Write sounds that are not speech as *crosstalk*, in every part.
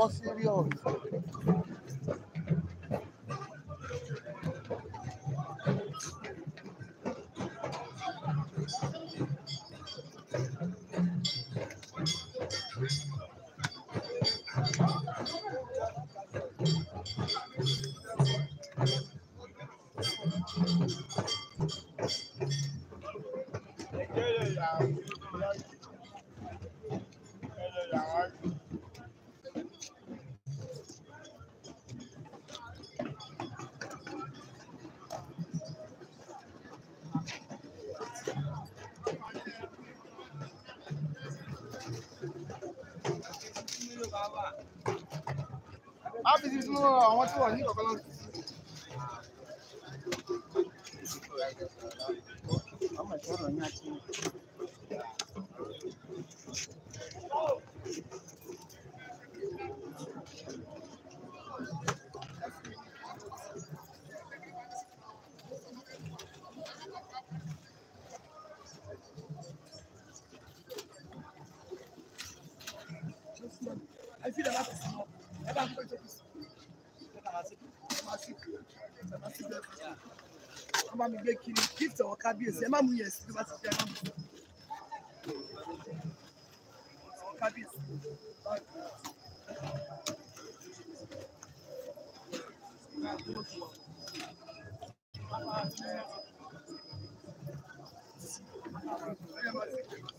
Vossas Africa. South que Ama mi gbé kiri gift ọ̀wọ́ kábíyèsí Thank you.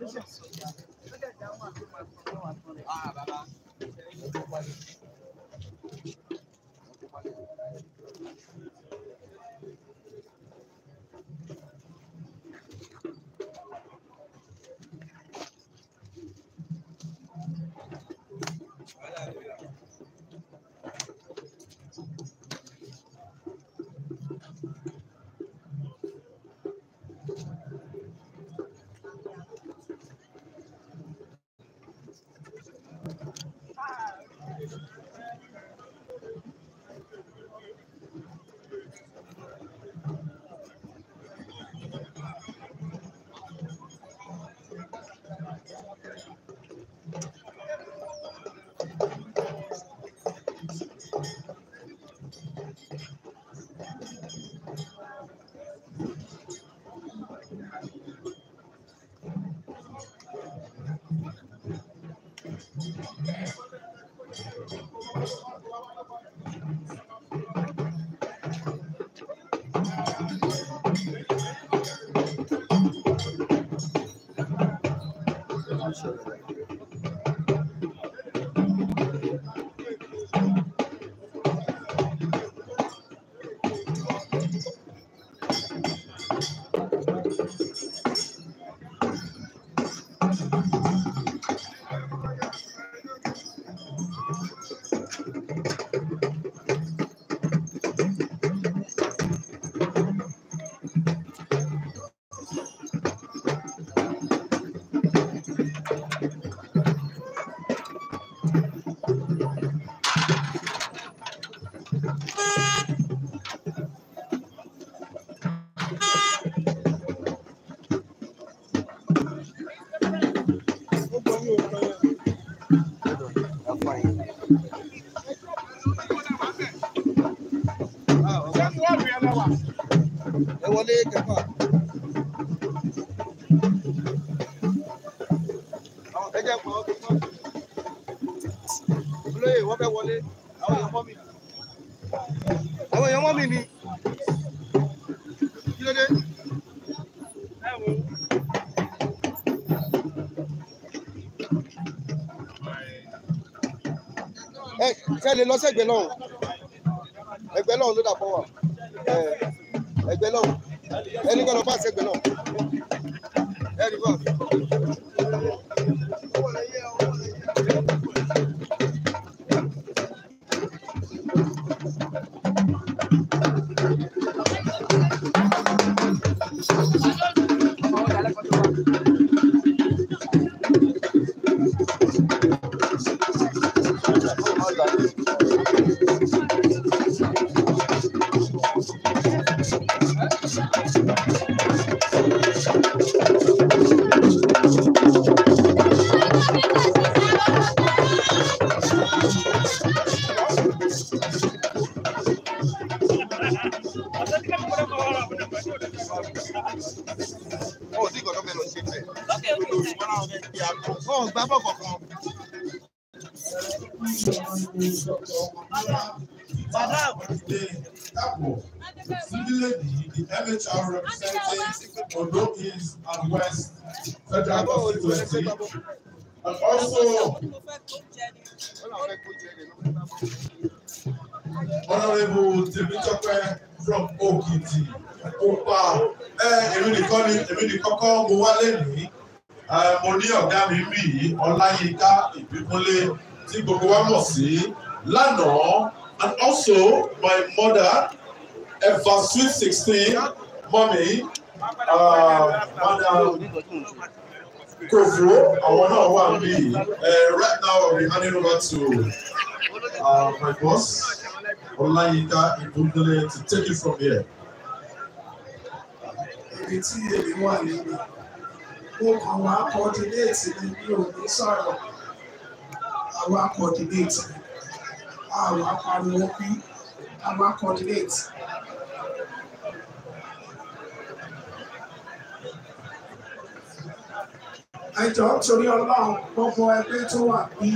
Thank you. lọ́sẹ̀ ẹgbẹ́ lọ́hùn ẹgbẹ́ lọ́hùn ló dàpọ̀ wà ẹgbẹ́ lọ́hùn ẹni gbọ́dọ̀ pass ẹgbẹ́ lọ́hùn ẹni gbọ́dọ̀. Northeast and West Federal Constituency, and also Honorable Temitope from Okiti. Opa, èmi nìkan ni èmi nìkan kọ́ mo wá lẹ́nìí. Mo mi rí Ọláyínká Ìbíkúnlé tí and also my mother Eva Sweet Sixteen Mommy Kovo, àwọn náà wà níbí. Eh, right now, I'll be handing over to uh, my boss, Olayinka Ibundele, to take it from here. Ibi tí èmi wà nínú, mo kàn wá coordinate ni mi ò ní sọ̀rọ̀. Àwa coordinate, àwa pariwo bí, àwa coordinate. ẹjọ́ nítorí ọlọ́run gbogbo ẹgbẹ́ tó wà bí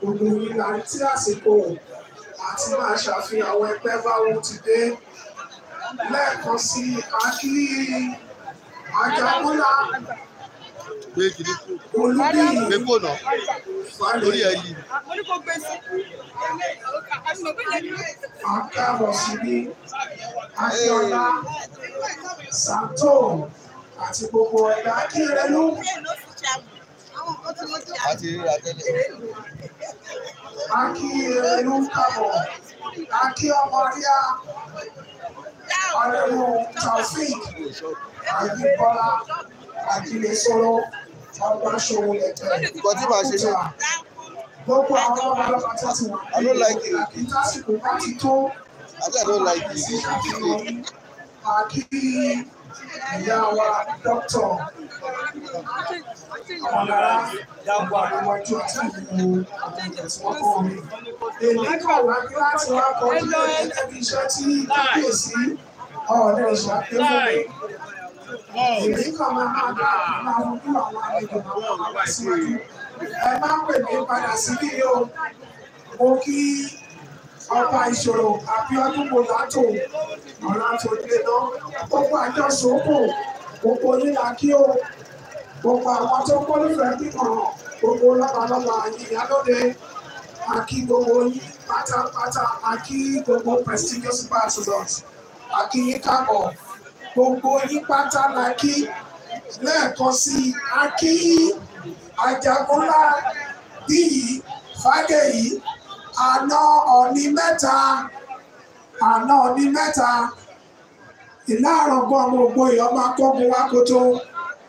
gbogbo ìlà tí àsìkò àti máa ṣàfihàn àwọn ẹgbẹ́ báwo ti dé lẹ́ẹ̀kan sí akí ajagunla olùdí lórí ẹyí. akábọ̀ síbí akíọlá sàtó àti gbogbo ẹ̀dá kí rẹ ló àti rírà tẹ́lẹ̀. a kí ẹnu kàbọ̀ a kí ọmọ ríà ọ̀rẹ́rù taofik àyíkọ́lá àjìlẹ̀sọ́rọ́ ọgbàṣọ́wò lẹ́tẹ̀. nǹkan tí màá ṣe ṣe. gbogbo àwọn ọmọ ọlọ́pàá tó ti wà nílẹ̀ ìtàsìkò bá ti tó. àti àdó láìkì. a kí ìyá wa dókítà ọmọlára yàgò àwọn ojú ọtí ìlú ìtẹ̀síwọ́pọ̀ omi. èmi kọ̀ wá ní láti wá kọ ilé ẹgbẹ́ iṣẹ́ tí kábíyèsí ọ̀ọ́dẹ̀ ṣàpèjúwe. èmi kọ̀ máa máa bá àwọn ojú àwọn àlejò máa wá I ẹ má pè mí padà sí bí o mo kí ọba ìṣòro àbíọ́dún mọ́látò mọ́látò gbéná gbogbo àjọṣepọ̀ gbogbo onílà kí o gbogbo àwọn tó kọ́lùfẹ́ kíkan gbogbo lọ́balọ́ba àyíyá lóde àkí gbogbo yín pátápátá àkí gbogbo prestigious patriots àkí yín kábọ̀ gbogbo yín pátá la kí lẹ́ẹ̀kan sí i àkí ajagunlá bíyì fàdéyì àná ọ̀ní mẹ́ta àná ọ̀ní mẹ́ta ìlàrọ̀ gbọ́ ọmọ ògbó yìí ọmọ akọ́gun wa kótó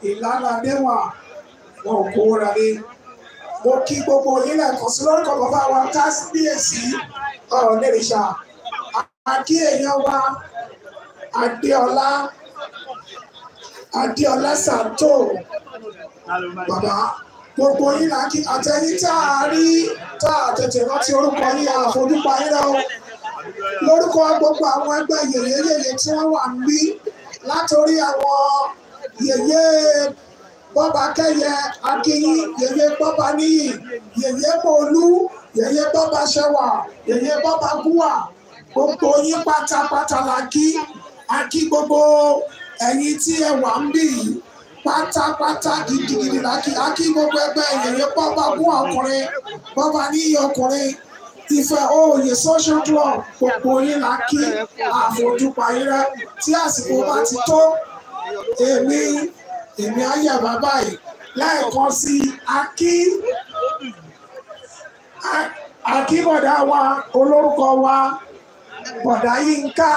ìlànà déwà wọn ò kó ra lé mo kí gbogbo onílẹ̀ kan sí lórúkọ bàbá wa kábíyèsí ọ̀rọ̀ lẹ́rìṣà àkí èèyàn wa adéọlá adéọlá Santo. bàbá gbogbo yín là ń kí àtẹ̀yìn tá a rí tá a tètè rántí orúkọ yín àfojúpa yín rẹ o lórúkọ gbogbo àwọn ẹgbẹ́ yèyé yèyé tí wọ́n wà ń bí látòrí àwọn yèyé bọ́ba kẹ́yẹ akínyín yèyé bọ́ba níyì yèyé mọ̀ọ́lú yèyé bọ́ba ṣẹwà yèyé bọ́ba gúwà gbogbo yín pátápátá la kí a kí gbogbo ẹ̀yin tí ẹ wà ń yìí pátápátá gidigidi lákì ákí gbogbo ẹgbẹ́ ìyèrè pápá fún ọkùnrin bọ́ba níyì ọkùnrin ìfẹ́ òòyè social club gbogbo yín lákì àfojúpayé rẹ tí àsìkò bá ti tó èmi èmi ayé bàbá yìí lẹ́ẹ̀kan sí akí akíbọ̀dá wa olórúkọ wa bọ̀dá yínká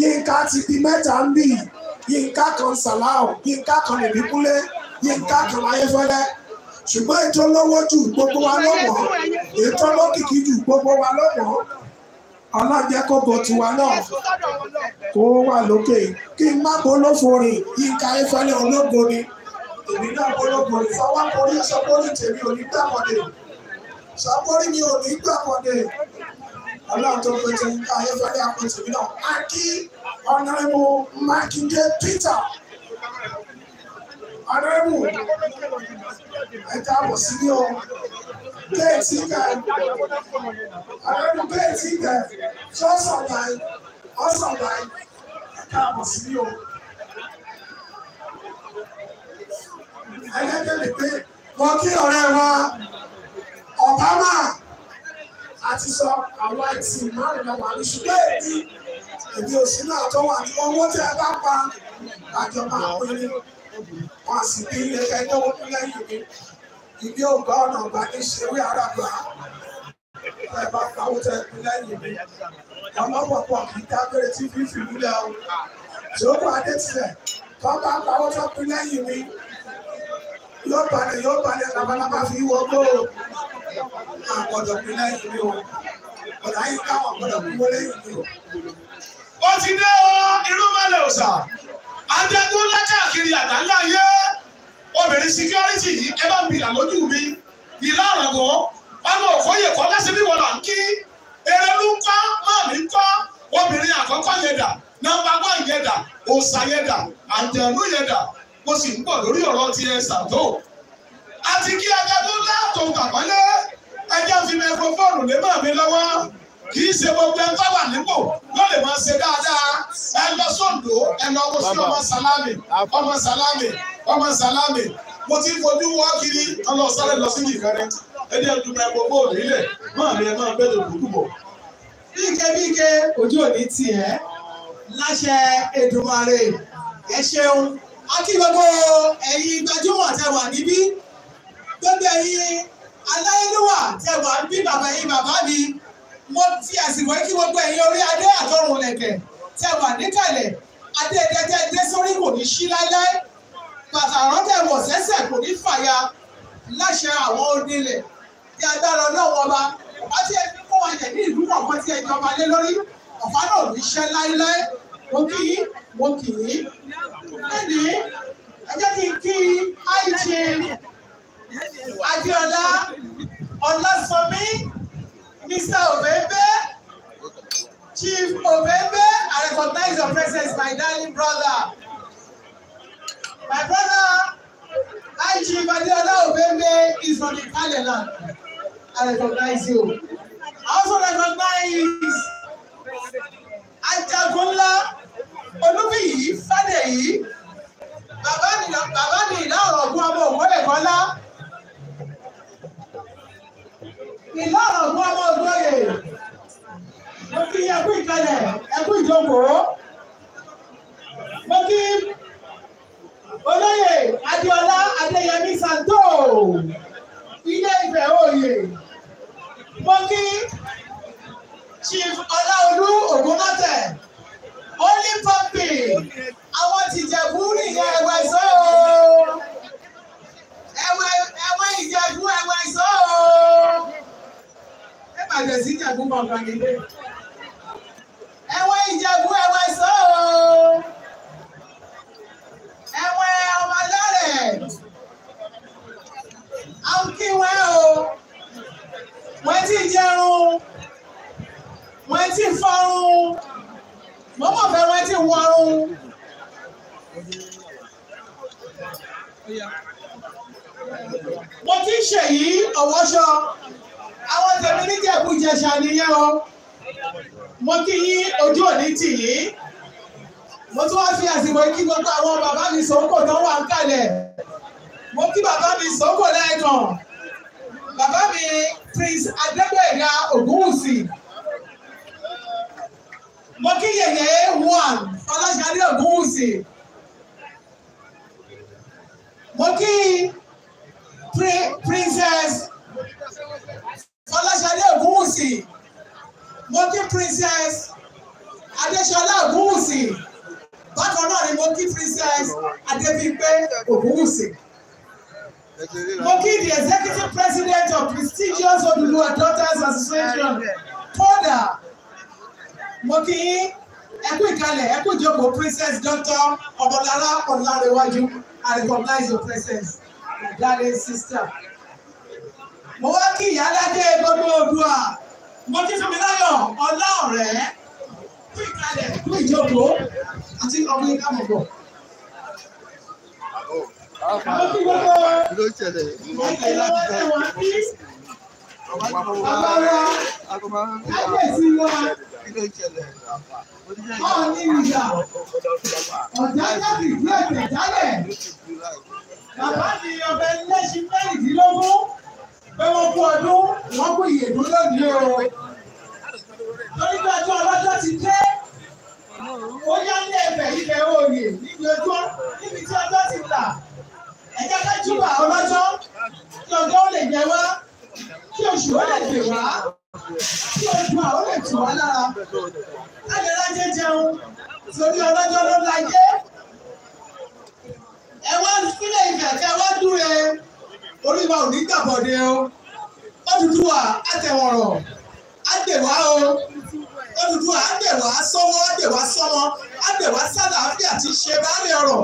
yínká ti di mẹ́ta ń bì yìí yínká kan sàláù yínká kan nìbíkúlé yínká kan láyéfẹ́lẹ́ ṣùgbọ́n ètò lọ́wọ́ ju gbogbo wa lọ́wọ́ ètò lọ́kìkí ju gbogbo wa lọ́wọ́ ọlọ́jẹ́ kó bo tiwa náà kó wà lókè kí n má bolófo rìn yínká ayéfẹ́lẹ́ ológo ni èmi náà bológo rìn fọwọ́ kórí sọ́kórí tèmi ò ní gbàkọ̀dé sọ́kórí mi ò ní gbàkọ̀dé ọlọ́run tó pété yínká ayéfẹ́lẹ́ àpò tèmi náà á kí. Honorable Makinde Peter Honorable ẹ káàbọ̀ sí ní o bẹ́ẹ̀ tí ń bẹ̀ Honorable bẹ́ẹ̀ tí ń bẹ̀ ṣọ́ọ̀ṣọ̀láì ọ̀ṣọ̀láì ẹ káàbọ̀ sí ní o. ẹlẹ́gẹ̀lẹ̀ pé wọ́n kí ọ̀rẹ́ wa Obama àti sọ àwọn àìsàn márùn-ún àwọn àlùsùn bẹ́ẹ̀ ni èmi ò náà tó wà ní owó tí ẹ bá pa àjọba àpẹẹrẹ wọn sì bí ilé ẹjọ́ wọn lẹ́yìn mi ìdí ògbà ọ̀nà ọ̀gbà ní ṣeré àràgbà ẹ bá pawó tẹ ní lẹ́yìn mi ọmọ pọ̀pọ̀ kì í dágbére tí fífi múlẹ̀ o ṣòwò adétilẹ̀ tó bá pawó tẹ ní lẹ́yìn mi yóò balẹ̀ yóò balẹ̀ labalábá fi wọ́ gbóò àgbọ̀dọ̀ ní lẹ́yìn mi o ọ̀dà yìí káwọn àgbọ̀dọ̀ kú wọlé yìí o ó ti dé o irú mẹ́lẹ̀ òòsà adágún lákàkiri àgbáńlá yé obìnrin security yìí ẹ bá mi làlójú mi ìlà àràgọ́ ọmọ òkóyè kọ́ lẹ́sìn bí wọ́n là ń kí eré ló ń kọ́ mọ́ọ̀mí ń kọ́ obìnrin àkọ́kọ́ yẹn dà nọ́mbà wán yẹn dà òòsà yẹn dà àjẹ̀nú yẹn dà mo sì ń bọ̀ lórí ọ̀rọ̀ ti ẹ ṣàtó àti kí adágún látò tàbálẹ̀ ẹjẹ́ fi mẹ́fọ́ fọ́ọ̀nù lé màmí lọ́wọ́ kì í ṣe gbogbo ẹni tó wà nípò ló lè máa ṣe dáadáa ẹ lọ sóńdó ẹ lọ wo sí ọmọ sálámì ọmọ sálámì ọmọ sálámì mo ti fojú wá kiri ọlọ́sálẹ̀ lọ sí ìfẹ́rẹ́ ẹni ẹdùnmọ ẹgbẹ́ bóòlù ilẹ̀ máa mi ẹ máa bẹ́ẹ̀ lòkù túbọ̀. bíkẹ́ bíkẹ́ ojú òní tiẹ̀ láṣẹ Èdùmàrè ẹ ṣeun àti gbogbo ẹ̀yin gbajúmọ̀ tẹ wà níbí gbogbo ẹ̀yin aláyélúwà tẹ wà níbí bàbá yín bàbá mi mo fi àsìkò kí gbogbo ẹ̀yin orí adé àtọrùn lẹ̀kẹ̀ tí a wà níkàlẹ̀ adé ẹ̀dẹ́dẹ́ dé sórí kò ní ṣí láíláí bàtà àrántẹ̀ wọ̀ sẹ́sẹ̀ kò ní fàya láṣẹ àwọn onílẹ̀ ní agbára ọlọ́wọ́ ọba ọba tí ẹ fi kó wa yẹ̀ ní ìlú kọ̀ọ̀kan tí ẹ jọba lé lórí ọ̀fà náà ò ní ṣẹ́ láíláí mo kì í mo kì í lẹ́nìí ẹ jẹ́ kí n kí àìjẹ Adéọlá Ọlásọmí. Mr. Obebe, Chief Obebe, I recognize your presence, my darling brother. My brother, I, Chief Adeola Obebe, is from the Kaleland. I recognize you. I also recognize Ajagunla Olúbíyí Fádèyí, bàbá mi ìlà ọ̀rọ̀ ọ̀gbọ́n ọmọ òwúrẹ̀ kọ́lá. ìlà ọ̀gbọ́n ọmọ òjòyè mo kí ẹkú ìkàlẹ̀ ẹkú ìjókòó mo kí olóyè adéọlá adéyẹmí santo ilé Ifẹ̀ òye mo kí chief ọláolú ògúnmọ́tẹ̀ only pampi àwọn tìjẹ̀bú nìyẹn ẹ̀wẹ̀ sọ́ o ẹ̀wẹ̀ ìjẹ̀bú ẹ̀wẹ̀ sọ́ o kalẹ̀ sí ìjàgbọ́n bàbàgẹ́dẹ. ẹ̀wọ̀n ìjẹ̀bú ẹ̀wọ̀n ìṣọ́ o ẹ̀wọ̀n ọmọ alárẹ̀ àwọn kí wọ́n o wọ́n ti jẹun wọ́n ti fọ́run mọ́mọ́ fẹ́ wọ́n ti wọ́run. mo ti ṣèyí ọ̀wọ́ṣọ àwọn tèmi níjẹ̀bú jẹ̀ṣà nìyẹn o mo kí yín ojú òní tì yín mo tún wá fi àsìkò kí gbogbo àwọn bàbá mi sọ́kò tó wà ń kalẹ̀ mo kí bàbá mi sọ́kò lẹ́ẹ̀kan bàbá mi Prince Adégbèga Ògúnwùsì mo kí yèyé one Fọláṣadé Ògúnwùsì mo kí princess Fọláṣadé Ògúnwùsì mo princess Adéṣọlá Ògúnwùsì bákan náà ni mo princess Adébímpé Ògúnwùsì mo the executive president of prestigious Odùduwà daughters association kódà mo kí ẹkú ìkàlẹ̀ ẹkú ìjókòó princess doctor Ọbọlára Ọlárẹ̀wájú I recognize your presence my darling sister mo wá kí ìyá alájẹ gbogbo Oòduà mo ti fún mi láyọ̀ ọlá ọ̀rẹ́ fún ìkàlẹ̀ fún ìjókòó àti ọmọ ìka mọ̀gbọ̀. àwọn kí gbogbo ẹgbẹ́ ló ń tẹ̀ wọ́n sí agbára kábíyèsí wa ọ̀ọ́ni ìyá ọ̀já jáde ìlú ẹ̀jẹ̀ jálẹ̀ bàbá mi ọbẹ̀ lẹ́sìn mẹ́rìndínlógún pé wọ́n kú ọdún wọ́n kú ìyèdún lónìí o. torí pé ọjọ́ ọlọ́jọ́ ti dé ó yá ní ẹ̀bẹ̀ ibẹ̀ òòyè níbi ọjọ́ níbi tí ọjọ́ ti là ẹ̀jẹ̀ ká júbà ọlọ́jọ́ kí ọjọ́ ó lè jẹ wá kí oṣù ó lè dè wá kí ojú à ó lè tù wá lára á lè rájẹ jẹun torí ọlọ́jọ́ ló láyé ẹ wá sílẹ̀ ìgbà kẹ wá dúró ẹ orí wa ò ní gbàbọ̀dé o Odùduwà àtẹ̀wọ̀rọ̀ àdèwà o Odùduwà àdèwà sọ́wọ́ àdèwà sọ́mọ àdèwà sálàáfíà ti ṣe báàlẹ̀ ọ̀rọ̀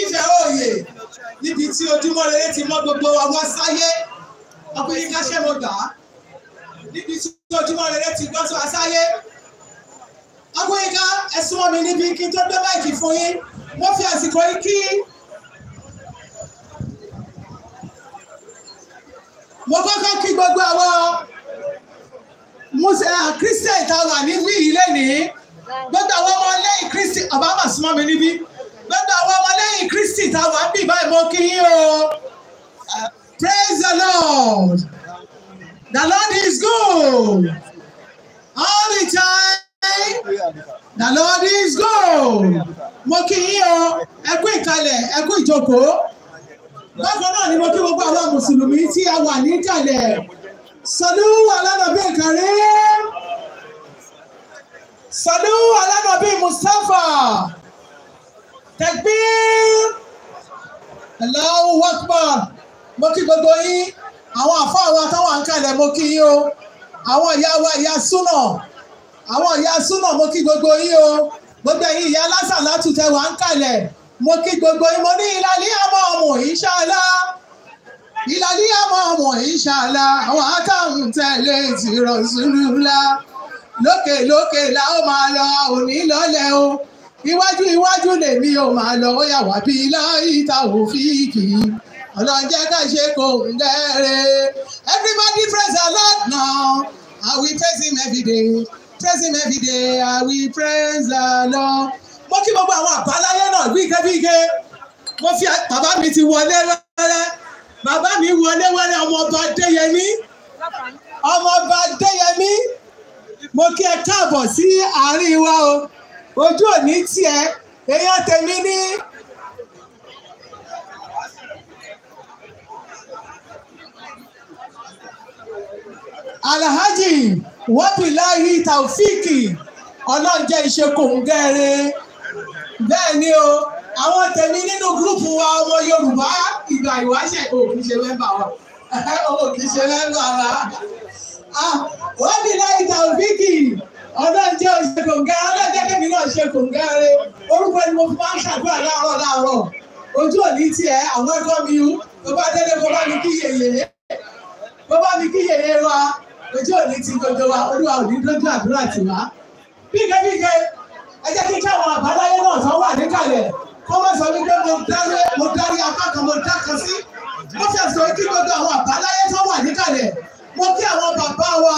ìfẹ́ òye níbi tí ojúmọ́ rere ti mọ́ gbogbo wa wá sáyé ọkùnrin ká ṣẹ́ mo gbà á níbi tí ojúmọ́ rere ti gbọ́ tó wa sáyé ọkùnrin ká ẹ̀sùn mọ́ mi níbi kí n tó gbé báyìí fún yín mo fi àsìkò yìí kí. mo kọ́kọ́ kí gbogbo àwọn kírísítẹ̀ eh, ìtawà ní wíìlì lẹ́nìí gbogbo àwọn ọmọ lẹ́yìn kristi ọ̀bámà súnmọ́ mi níbí gbogbo àwọn ọmọ lẹ́yìn kristi ìtawà ń bì báyìí mo kí yín o praise the lord the lord is good all the time the lord is good mo kí yín o ẹ kú ìkàlẹ̀ ìjókòó bákan náà ni mo kí gbogbo àwọn mùsùlùmí tí a wà níkàlẹ̀ sọdún alánàbí kàrí sọdún alánàbí Mustafa takbir Allahu Akbar mo kí gbogbo yín àwọn àfáà wa táwọn ń kalẹ̀ mo kí yín o àwọn ìyá wa ìyá súnà àwọn ìyá súnà mo kí gbogbo yín o gbogbo ẹ̀yin ìyá lásà látùtẹ̀ wà ń kalẹ̀ mo kí gbogbo yín mo ní ìlàlí àmọ́ ọmọ ìṣàlá ìlàlí àmọ́ ọmọ ìṣàlá àwọn àtàwọn tẹ̀lé ti rọ̀ sùlùmùlá lókè lókè la ó máa lọ òní lọ́lẹ̀ o iwájú iwájú lèmi ò máa lọ ó yà wá bíi láìta òfìkì ọlọ́njẹ́ ká ṣe kò ń dẹ́rẹ́ everybody praise the Lord now I will praise him every day praise him every day I will praise the Lord mo kí gbogbo àwọn àbáláyé náà bí ike bí ike mo fi bàbá mi ti wọlé wẹ́rẹ́ bàbá mi wọlé wẹ́rẹ́ ọmọọba Adéyẹmí ọmọọba Adéyẹmí mo kí ẹ káàbọ̀ sí àárín wa o ojú òní tiẹ̀ èèyàn tèmi ní. alhaji wabilahi taofiki ọlọ́njẹ́ ìṣekòǹgẹ́rẹ́ bẹ́ẹ̀ ni o àwọn tèmi nínú gúrùpù wa ọmọ Yorùbá ìgbà ìwáṣẹ̀ o kì í ṣe mẹ́mbà wa *laughs* o kì í ṣe mẹ́mbà wa ah, wọ́n ní láì tàbíkì ọlọ́jẹ́ òṣè kòǹgá ọlọ́jẹ́ kẹ́mi náà ṣe kòǹgá rẹ orúkọ ni mo fi máa ń ṣàdúrà láàárọ̀ láàárọ̀ ojú òní tiẹ̀ àwọn ẹ̀kọ́ mi ú tó bá délé kó bá mi kí yèyé kó bá mi kí yèyé wa ojú òní ti gbogbo wa olúwa òní lójú àdúrà tiwa. bíkẹ́ bíkẹ́ ẹ jẹ́ kí káwọn àbáláyé náà tó wà níkàlẹ̀ kó má sọ wípé mo darí apá kan mo dá kan sí mo fẹ́ sọ kí gbogbo àwọn àbáláyé tó wà níkàlẹ̀ mo kí àwọn bàbá wa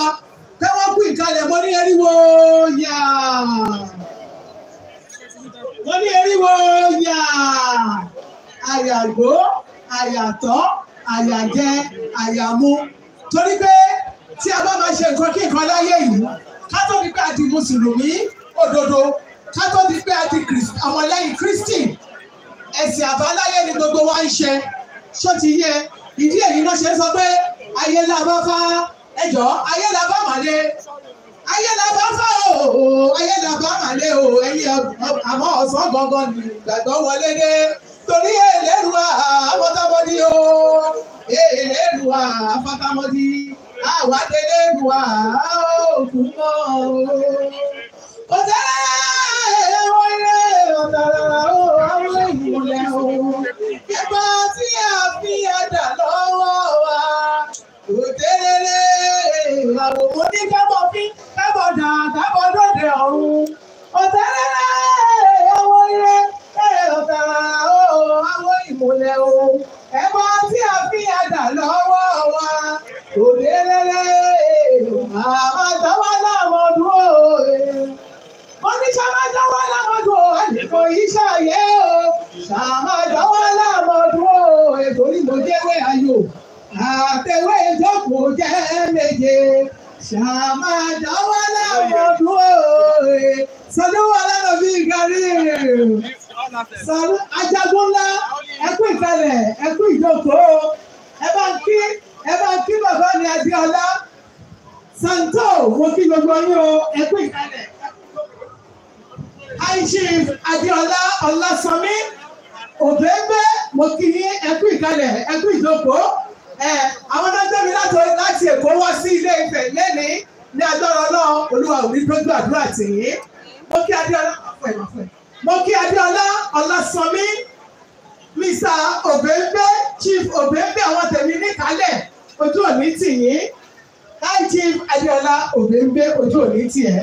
pé wọ́n kú ìkàlẹ̀ mo ní eriwo yà mo ní eriwo yà àyàgbó àyàtọ̀ àyàjẹ àyàmú torí pé tí a bá máa ṣe nǹkan kí nǹkan láyé yìí ká tó ní pé a mùsùlùmí òdodo ká tó di pé àwọn lẹ́yìn Kristi ẹ̀sìn àbáláyé ni gbogbo wa ń ṣe ṣó ti yẹ ìdí èyí náà ṣe sọ pé ayé la bá fá ẹjọ́ ayé la bá màlé ayé la bá fá o ayé la bá màlé o ẹ̀yìn àmọ́ ọ̀sán gangan ni gbàgbọ́ wọlé dé torí èlérú àfọtámọ́dí o èlérú àfọtámọ́dí àwàdélérú àókùn mọ́ o. kò sẹ́lẹ̀ wọlé ọ̀tàràrà ó àwọn èèyàn ẹ̀gbọ́n tí a fi òní tì yín IGF Adéọlá Òbèǹgbé ojú òní tì ẹ́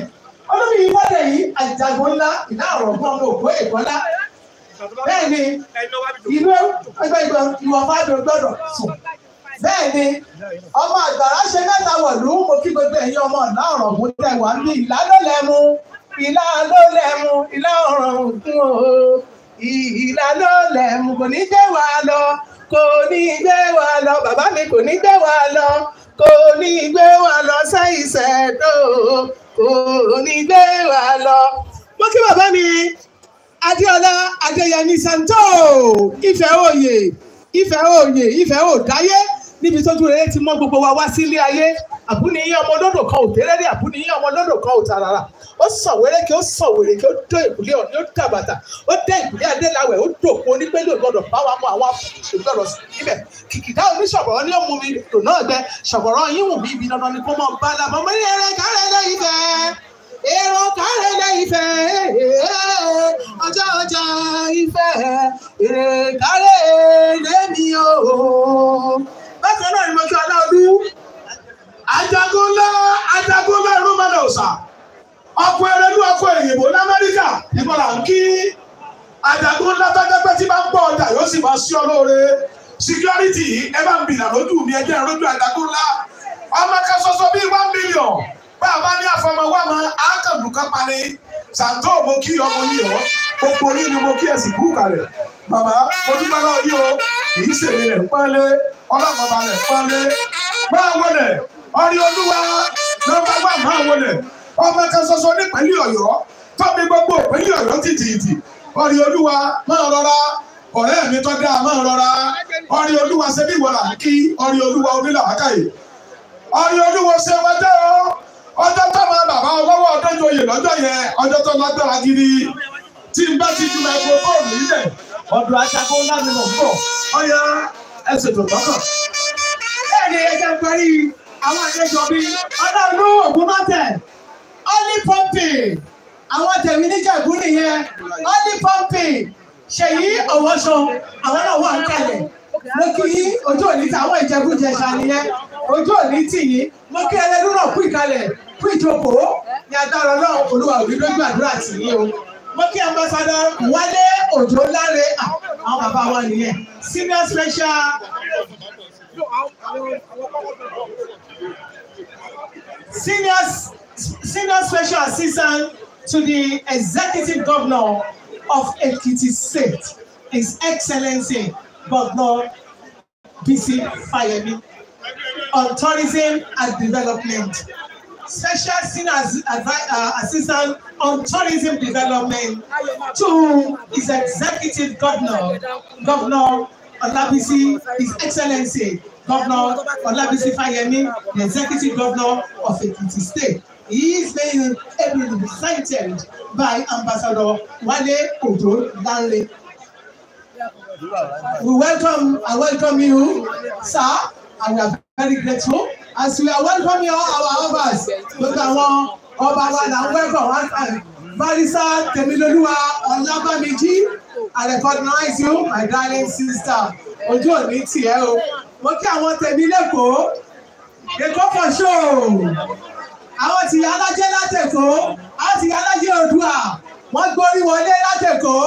olómi ìwọ́dẹ̀ yìí àjàgbọ́n ńlá ìlà ọ̀rọ̀ fún ọmọ ògbó ìbọ́lá bẹ́ẹ̀ ni ìlú ẹgbẹ́ ìgbà ìwọ̀nba ló gbọ́dọ̀ sùn bẹ́ẹ̀ ni ọmọ àgbàrá ṣe mẹ́ta wọ̀lú mo kí gbogbo ẹ̀yin ọmọ ọ̀nà ọ̀rọ̀ mú tẹ̀ wá ní ìlà ló ìlà ló ìlà ọ̀rọ̀ òkun o ìlà ló kò ní jẹ́ wàá lọ kò ní gbé wa lọ bàbá mi kò ní gbé wa lọ kò ní gbé wa lọ sẹ́yìn sẹ́dọ̀ kò ní gbé wa lọ. mo kí bàbá mi adéọlá adéyẹmí santo ìfẹ́ òye ìfẹ́ òye ìfẹ́ òdáyé níbi tójú rere ti mọ gbogbo wa wá sílé ayé àbúniyín ọmọ lọ́dọ̀ kan ò tẹ́rẹ́rẹ́ àbúniyín ọmọ lọ́dọ̀ kan ò tàràrà ó sàn wéréke ó sàn wèrèké ó dó ìkúlẹ̀ ọ̀ní ó dà bàtà ó dẹ́ ìkúlẹ̀ adéláwẹ̀ ó dòpò onígbélé ògbọ́dọ̀ bá wa mọ àwọn ògbọ́dọ̀ síbẹ̀ kìkìdá oníṣọ̀bọ̀rọ̀ ni ó mú mi dùn náà gbẹ ṣọ̀bọ̀rọ̀ yín wù mí ibi dandan ni kó mọ̀ bá la mọ̀ mọ́ni ajagun ńlá ajagun ńlá irú mẹ́lẹ̀ ọ̀sà ọkọ̀ erédú ọkọ̀ èyìnbó kí ajagun ńlá tí bá ń pọ ọjà yóò sì máa sí ọ lóore ẹ bá ń ajagun one million bá a bá ní àákàndùn kan pani mo kí ọmọ yìí ọ yìí ni mo kí kú bàbá yìí o kì í ọrí olúwa nọ́mbà wà máa wọlé ọmọ kan ṣoṣo nípínlẹ̀ ọ̀yọ́ tọ́bi gbogbo ìpínlẹ̀ ọ̀yọ́ tìtìtì ọrí olúwa máa rọra mi dáa máa rọra olúwa ṣe bí olúwa onílà olúwa ṣe ọ tó bàbá tó gidi tí n ju microphone ńlá àwọn àlejò bíi ọlọ́run ògúnmọ́tẹ̀ ọ́lí pọ́ǹpì àwọn tẹ̀mí níjàgbú nìyẹn ọ́lí pọ́ǹpì ṣèyí ọ̀wọ́sọ àwọn náà wà ń kalẹ̀ mo kí yí ojú òní tí àwọn ìjẹ̀bú jẹ̀ṣà nìyẹn ojú òní tì yí mo kí ẹlẹ́nu náà kú ìkalẹ̀ kú ìjókòó ní agbára náà olúwa òbí lójú àdúrà tì yí o mo kí ambassadọ Wálé Òjó Láre àwọn bàbá wa nìyẹn senior special senior, senior special assistant to the executive governor of Ekiti State, His Excellency Governor Bisi Fayemi, on tourism and development. Special senior uh, assistant on tourism development to his executive governor, Governor Olabisi, His Excellency Governor Olabisi Fayemi, the Executive Governor of Ekiti State. He is being represented by Ambassador Wale Odo Lanle. We welcome, I welcome you, sir, and we are very grateful. As we are welcoming all our obas, those are one ọba wa na welcome one time. Barisa Temiloluwa Olabamiji, I recognize you, my darling sister. Ojo ò ní tiẹ̀ o mo kí àwọn tèmi lẹ́kọ̀ọ́ èkó for show àwọn tìyà alájẹ́ látẹ̀kọ́ àwọn tìyà alájẹ́ Oòduà wọ́n gbórí wọlé látẹ̀kọ́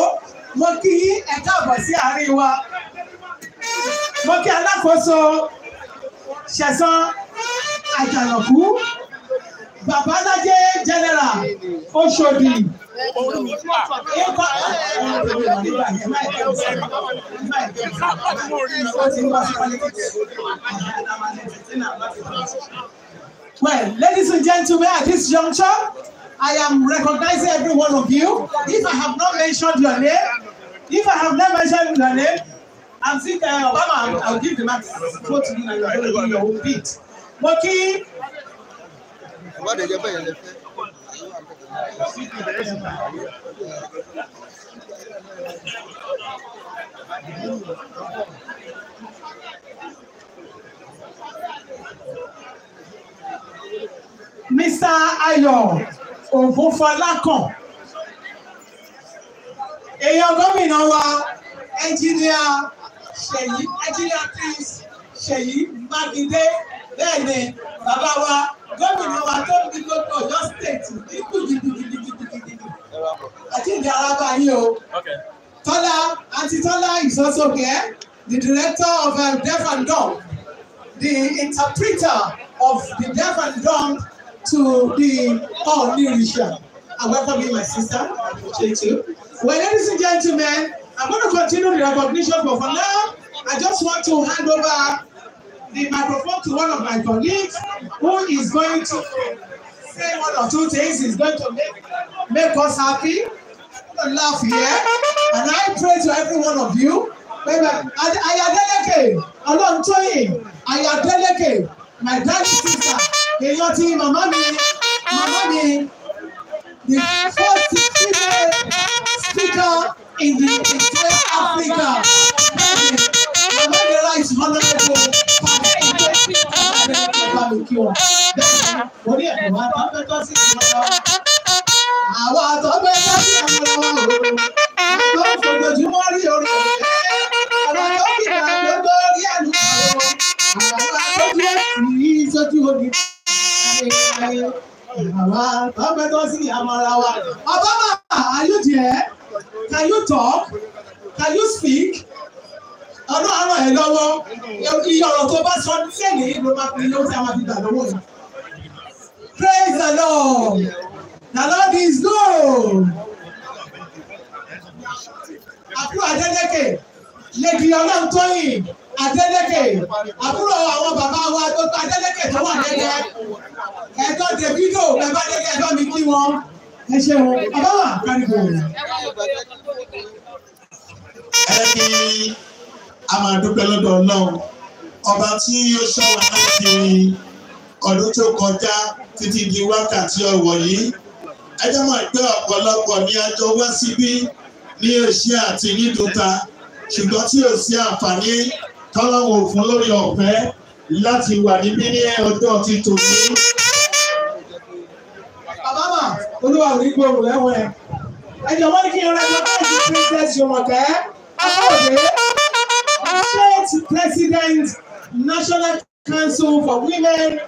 mo kí ẹ káàbọ̀ sí àárín wa mo kí alákòóso ṣẹ̀san àjànàkú bàbá alájẹ́ general Ọ̀ṣọ́dì. Well, ladies and gentlemen, at this juncture, I am recognizing every one of you. If I have not mentioned your name, if I have not mentioned your name, I'm thinking uh, Obama, I'll, I'll give the mic go to you and you're going to do your own beat. Moki. Mr. Ayọ̀ Ògúnfọlákàn èèyàn gómìnà wa ẹnjìníà Ṣèyí ẹnjìníà Prince Ṣèyí Mákindé bẹ́ẹ̀ ni bàbá wa gómìnà wa tó ń di gbogbo Ọ̀yọ́ stéètì ní kùjìkùjìkùjìkùjì àti ìdí arábá yìí o. Tọ́lá àti Tọ́lá Ìsọ́sọ́kẹ́ eh? the director of uh, Deaf and Dumb the interpreter of the Deaf and Dumb to the Ọ̀ọ́nì Ìrìṣà. I welcome you my sister Chetu. Well ladies and gentlemen I'm gonna continue the recognition but for now I just want to hand over the microphone to one of my colleagues who is going to say one or two things is going to make, make us happy laugh here. And I pray to every one of you. Ayadeleke, Olontoyin, Ayadeleke, my daddy sister, èèyàn ti màmá mi, màmá mi, the first female speaker in the entire Africa. Màmá mi right honourable mi are you there? Can you talk? Can you speak? ẹ lọ́wọ́ iye ọ̀rọ̀ tó bá sọ sẹ́yìn ló máa fi lóun tí a máa lọ́wọ́ yìí. Praise the Lord the Lord is good. àbúrò Adélékè lèdì ọlọ́run tóyìn Adélékè àbúrò àwọn bàbá wa tó tó Adélékè tó wà lẹ́yẹ ẹ̀dọ́ Davido bàbá Adélékè ẹ̀dọ́ mi kí wọn ẹ ṣe wọn bàbá wa kárí bò a máa dúpẹ́ lọ́dọ̀ ọlọ́run ọba tí ó ṣọ́ wa láti ọdún tó kọjá títí di wákàtí ọ̀wọ̀ yìí ẹjọ́ máa gbé ọ̀pọ̀lọpọ̀ ní àjọ wá síbí ní èṣí àti nídùúta ṣùgbọ́n tí ò sí àǹfààní tọ́lọ́wọ̀ fún lórí ọ̀fẹ́ láti wà níbí ní ọjọ́ ti tòní. àbámà olúwa rí gbòòrò lẹ́wọ̀n ẹ̀ ẹ̀jọ̀ wọ́n ní kí n rẹ́ ẹjọ́ báyìí princess yomọ̀kẹ́ ọ̀pọ̀ òde. Associate President, National Council for Women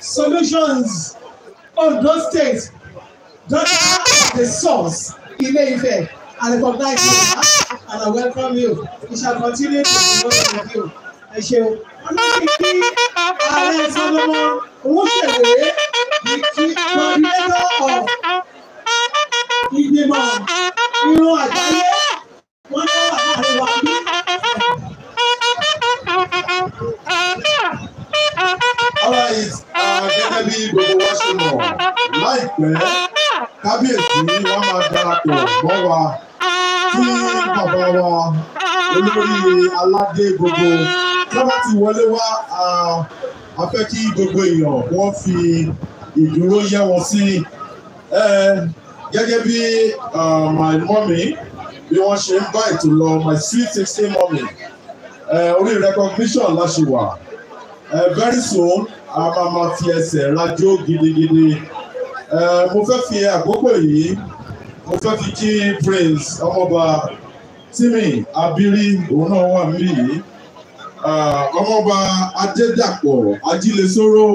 Solutions, Ondo State, Dr. The Source, Ile-Ife. I recognize you and I welcome you. We shall continue to work with you. I shall Wọ́n ní kí Ààrẹ Sọlọ́mọ Owóṣèléré ní kí coordinator of ìgbìmọ̀ irun àgbáyé. wa tí bàbá wa olórí aládé gbogbo tó ti wọlé wá a fẹ́ kí gbogbo èèyàn wọ́n fi ìdúró yẹ wọn sí gẹ́gẹ́ bí my mummy bí wọ́n ṣe ń bá ètò lọ my sweet sixteen mummy orí recognition la ṣe wà very soon a máa ma fi ẹsẹ̀ rájò gidigidi mo fẹ́ fi àkókò yìí mo fẹ́ fi kí Prince ọmọọba Tímì Abírí òun náà wà níbí yìí ọmọọba Adédàpọ̀ Ajílesóró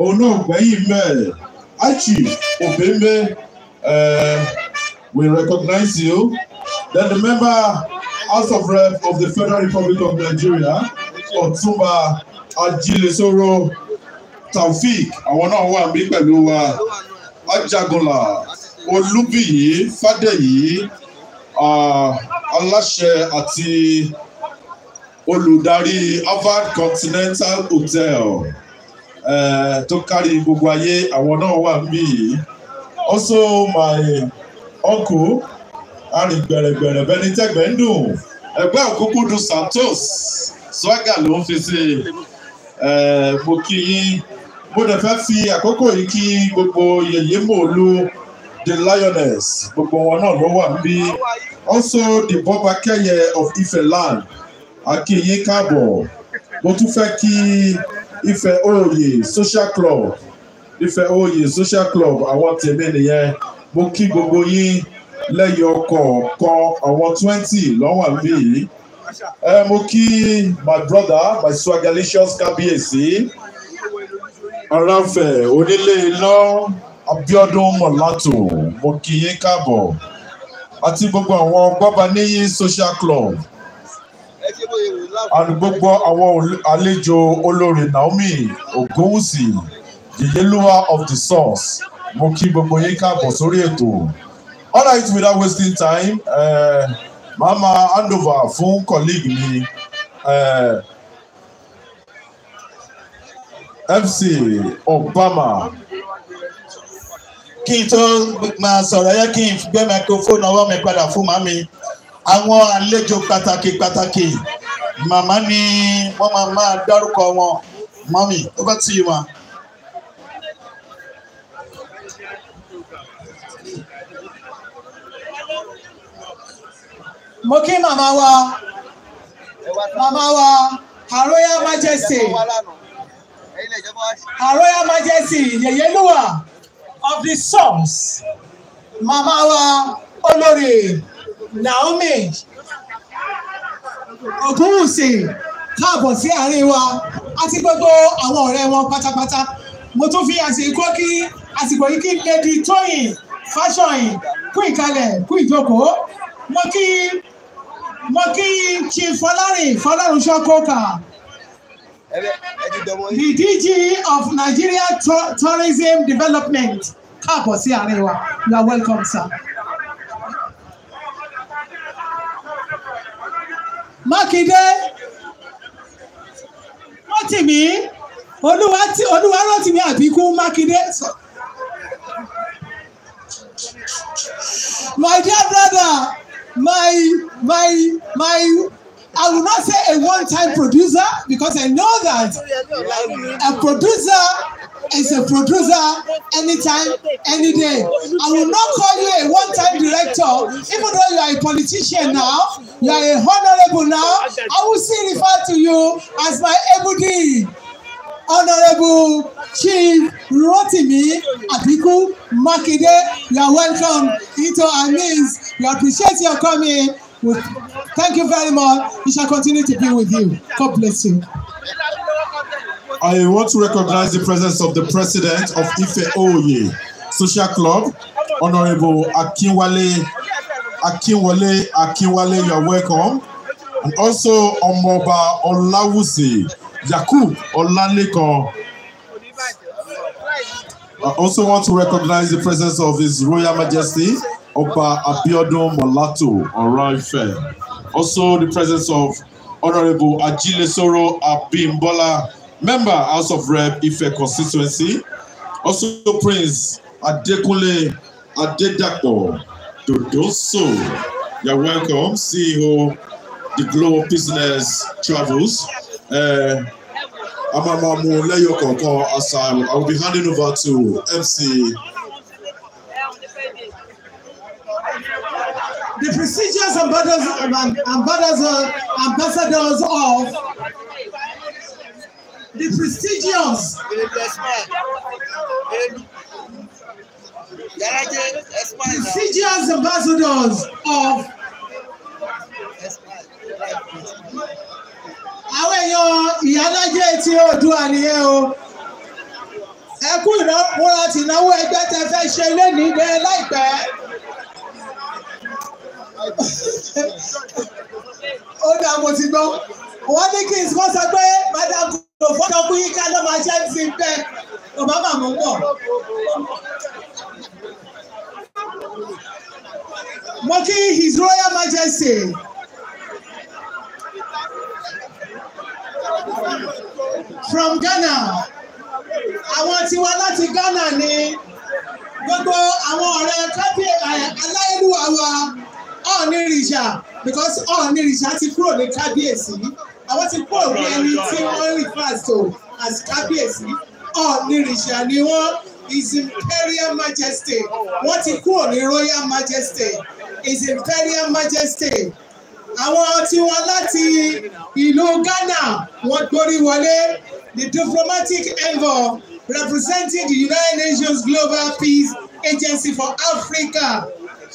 òun náà gbẹ̀yìn mẹ́ẹ̀ Achi Obembe we recognize you then the member House of Rep of the Federal Republic of Nigeria Ọ̀túnba Ajílesóró Taofik àwọn náà wà níbí pẹ̀lú wa Ajagunla olúbíyí fádèyí aláṣẹ àti olùdarí harvard continental hotel uh, tó kárí gbogbo ayé àwọn náà wà níbí yìí also my uncle arìn gbẹ̀rẹ̀gbẹ̀rẹ̀ bẹni tẹ́gbẹ̀ ń dùn ẹgbẹ́ òkúkú santos swagger ló ń fi sí mo kí yín mo dẹ̀ fẹ́ fi àkókò yìí kí gbogbo yèyé mòlú the lioness gbogbo wọn náà ló wà níbí also the bọba kẹyẹ of ife land akínyìn káàbọ̀ mo tún fẹ́ kí ife oyè social club ife oyè social club àwọn tèmi nìyẹn mo kí gbogbo yín lẹ́yìn ọkọ̀ọ̀kan àwọn twenty lọ́wọ́ mi yìí ẹ mo kí my brother my swagalicious kábíyèsí aráfẹ́ onílé iná. No. Abíọ́dún Mọ̀látò mo kí yín káàbọ̀ àti gbogbo àwọn Gbọ́baníyì social club àti gbogbo àwọn àlejò olórin Naomi Ogunwusi Yèyélúwà of the source mo kí gbogbo yín káàbọ̀ sórí ètò all right without wasting time uh, màá máa hand over fún colleague mi. Uh, eh, FC Obama kí n tó máa sọ̀rọ̀ yẹ kí n gbé microphone ọwọ́ mi padà fún màmí àwọn àlejò pàtàkì pàtàkì màmá ni wọ́n máa máa dárúkọ wọn màmí ó bá tì í wọn. mo kí màmá wa màmá wa Her Royal Majesty Her Royal Majesty Yèyé Lúwà of the sons màmá wa olórí Naomi Ògúnwùsì káàbọ̀ sí àárín wa àti gbogbo àwọn ọ̀rẹ́ wọn pátápátá mo tún fi àsìkò kí àsìkò yìí kí Lady Tóyìn Fáṣọyìn kú ìkàlẹ̀ kú ìjókòó mo kí mo kí Chief Fọlárìn Fọlárunṣọ́ kókà. The DG of Nigeria Tur Tourism Development káàbọ̀ sí àárín you are welcome sir. Mákindé Rotimi olúwa tí olúwa Rotimi Àbíkú Mákindé. My dear brother, my my my I will not say a one-time producer because I know that a producer is a producer anytime, any day. I will not call you a one-time director, even though you are a politician now, you are a honorable now. I will still refer to you as my ABD, Honorable Chief Rotimi Abiku Makide. You are welcome into our midst. We appreciate your coming. We'll, thank you very much. We shall continue to be with you. God bless you. I want to recognize the presence of the president of Ife Oye Social Club, Honorable Akinwale Akinwale Akinwale. You are welcome. And also Ọmọọba Olawusi Yakub Olalekan. I also want to recognize the presence of His Royal Majesty. Oba Abiodun Molato Oraife. Also the presence of Honorable Ajile Soro Abimbola, member House of Rep Ife constituency. Also Prince Adekunle Adedapo Dodoso. You're welcome, CEO the Glow Business Travels. Uh, Amamamu I will be handing over to MC the prestigious ambassadors, ambassadors, ambassadors of the prestigious. prestigious ambassadors of. àwọn èèyàn ìyálájẹ tí Oòduà nìyẹn o ẹ kú ìnáwó láti ìnáwó ẹgbẹ́ tẹ́ fẹ́ ṣe lẹ́nìí dé láìpẹ́ ó dà mo ti gbọ́ wọ́n ní kí n wọ́n sọ pé madam kò fọ́jọ́ kú yí ká ló máa ṣe ń sin bẹ́ẹ̀ kò bá bàmú pọ̀. mo kí his royal majesty. from Ghana àwọn tiwa láti Ghana ni gbogbo àwọn ọ̀rẹ́ kábíyè aláìlú àwa ọ̀nìrìṣà because ọ̀nìrìṣà ti kúrò ní kábíyèsí àwọn ti kúrò ní ẹni tí wọ́n refer to as kábíyèsí ọ̀nìrìṣà ni wọ́n is imperial majesty wọ́n ti kúrò ní royal majesty is imperial majesty àwọn tí wọ́n láti ìlú Ghana wọ́n gborí wọlé the diplomatic envoy representing the United Nations Global Peace Agency for Africa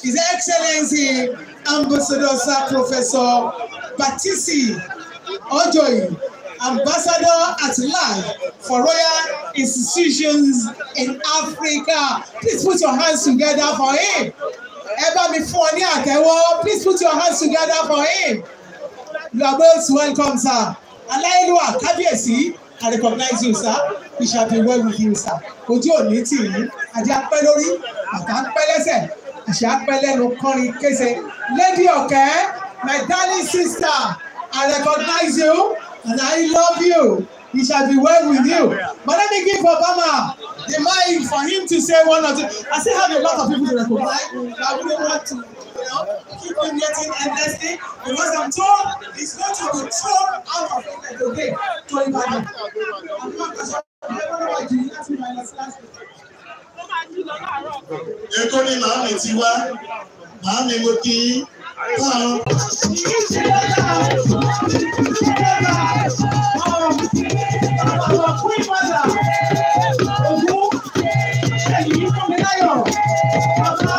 His Excellency Ambassador Sir Professor Patisi Ojoyi, Ambassador at Large for Royal Institutions in Africa. Please put your hands together for him. Ẹ bá mi fún Please put your hands together for him. You are most welcome, sir. Aláìlúwà Kábíyèsí, I recognize you, sir. You shall be well with him, sir. Ojú òní tì yín, àjẹ́ apẹ́ lórí, bàtà ń lẹ́sẹ̀ ìṣàpẹ́lẹ́nu kọrin kése lady ọ̀kẹ́ my darling sister I recognize you and I love you he shall be well with you but let me give Obama the mind for him to say one or two I still have a lot of people to recognize but I wouldn't want to. You know, keep on getting endlessly because I'm told it's going to be thrown out of it again to Ibadan. I'm not sure. I don't know why you left me my last last week ètò ni màámi ti wá màámi mo kí káàrún. Ògún ẹ̀yìn fún mi láyọ̀.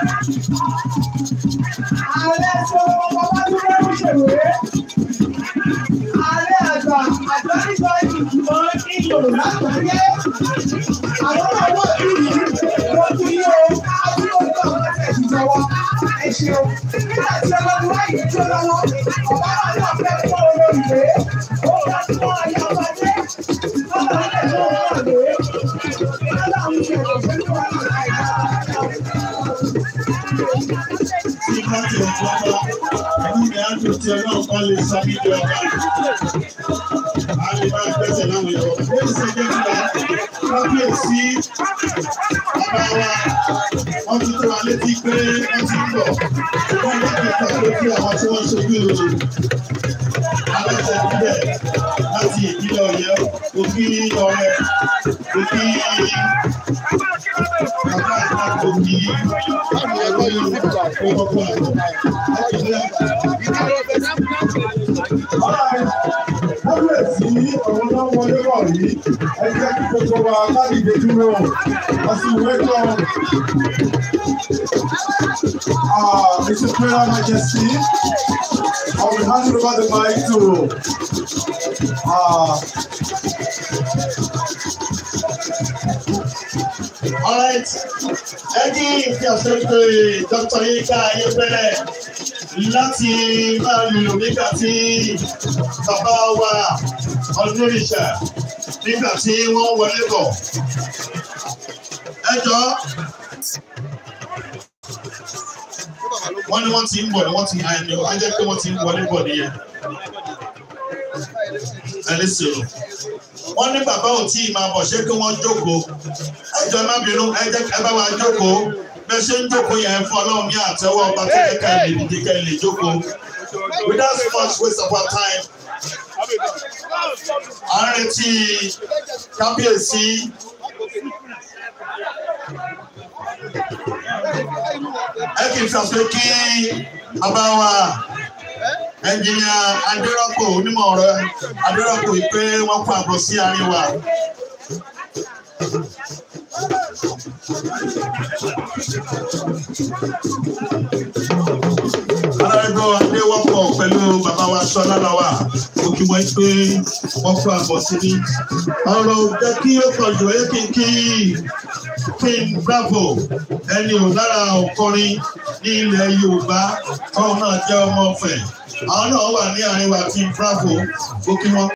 ààrẹ tó bàbá tó bá ń ṣèwé ààrẹ àgbà àjọ nígbà ìdìbò ní Yorùbá àgbáyé àwọn ọmọ ìlú tó ti yí o àti òkú àwọn ẹgbẹ́ ìjọba ẹ ṣeun nígbà tí ọmọ ìwà yìí tó lọ́wọ́ ọ̀pá Ìgbà tí o tó ọba, ẹ̀mú ni a tó ti ọlọ́run kan lè sábí jọ ọba. A lè máa gbẹ́sẹ̀ láwọn ẹ̀rọ. Ó ṣe jẹ́ nípa kábíyèsí bàbá wa. Wọ́n ti tó wa létí pé wọ́n ti ń bọ̀. Wọ́n yẹ kí n ta lójú àwọn tí wọ́n ṣojú ìròyìn alájàdúbẹ̀ láti ìpínlẹ̀ ọ̀yẹ́ òbí ọ̀rẹ́ òbí bàbá àgbà òbí àwọn ẹ̀kọ́ yorùbá ọgbọ̀n àgbà díẹ̀ sí àwọn tó ń wọlé rọ̀ rí ẹ jẹ́ kí gbogbo wa láti dojúmọ́ àsìwé jọ. Mrs. Prayer Majesty, I will hand over the mic to uh, All right, Eddie, kí ìfẹ́ ọ̀sẹ̀ pé Dr. Yinka Ayébẹ́lẹ̀ láti máa lò nígbà tí bàbá wa ọ̀nẹ́rìṣà nígbà tí wọ́n wọlé bọ̀. ẹ jọ wọ́n ní wọ́n ti ń bọ̀ ni wọ́n ti àyẹ̀mí ọ ajẹ́ pé wọ́n ti ń wọlé bọ̀ nìyẹn. ẹ lè sọ̀rọ̀ wọ́n ní bàbá ò tí ì máa bọ̀ ṣé kí wọ́n jókòó ẹ jọ má bínú ẹ jẹ́ ẹ bá wa jókòó bẹ́ẹ̀ ṣe ń jókòó yẹn fún ọlọ́run ní àtẹ́wọ́ ọba tó jẹ́ ká ẹ̀ ká ẹ̀ lè jókòó without so much waste of our time à ń retí kábíyèsí. ẹ kì í sàpé kí abáwa ẹnjìnìà adérọ́pò onímọ̀ ọ̀rọ̀ adérọ́pò yìí pé wọ́n kó àbọ̀ sí àríwá. Alárédọ́ Adéwọ́pọ̀ pẹ̀lú bàbá wa Sọlá Lọ́wà, mo kí wọ́n pé wọ́n fún àbọ̀ sí ní. Ọ̀rọ̀ òjẹ́ kí ó pọ̀ jù ẹ́ kí King Bravo ẹni ò lára ọkọrin ní ilẹ̀ Yorùbá, ọ̀hún náà jẹ́ ọmọ ọ̀fẹ́. Àwọn náà wà ní àríwá King Bravo, mo kí wọ́n.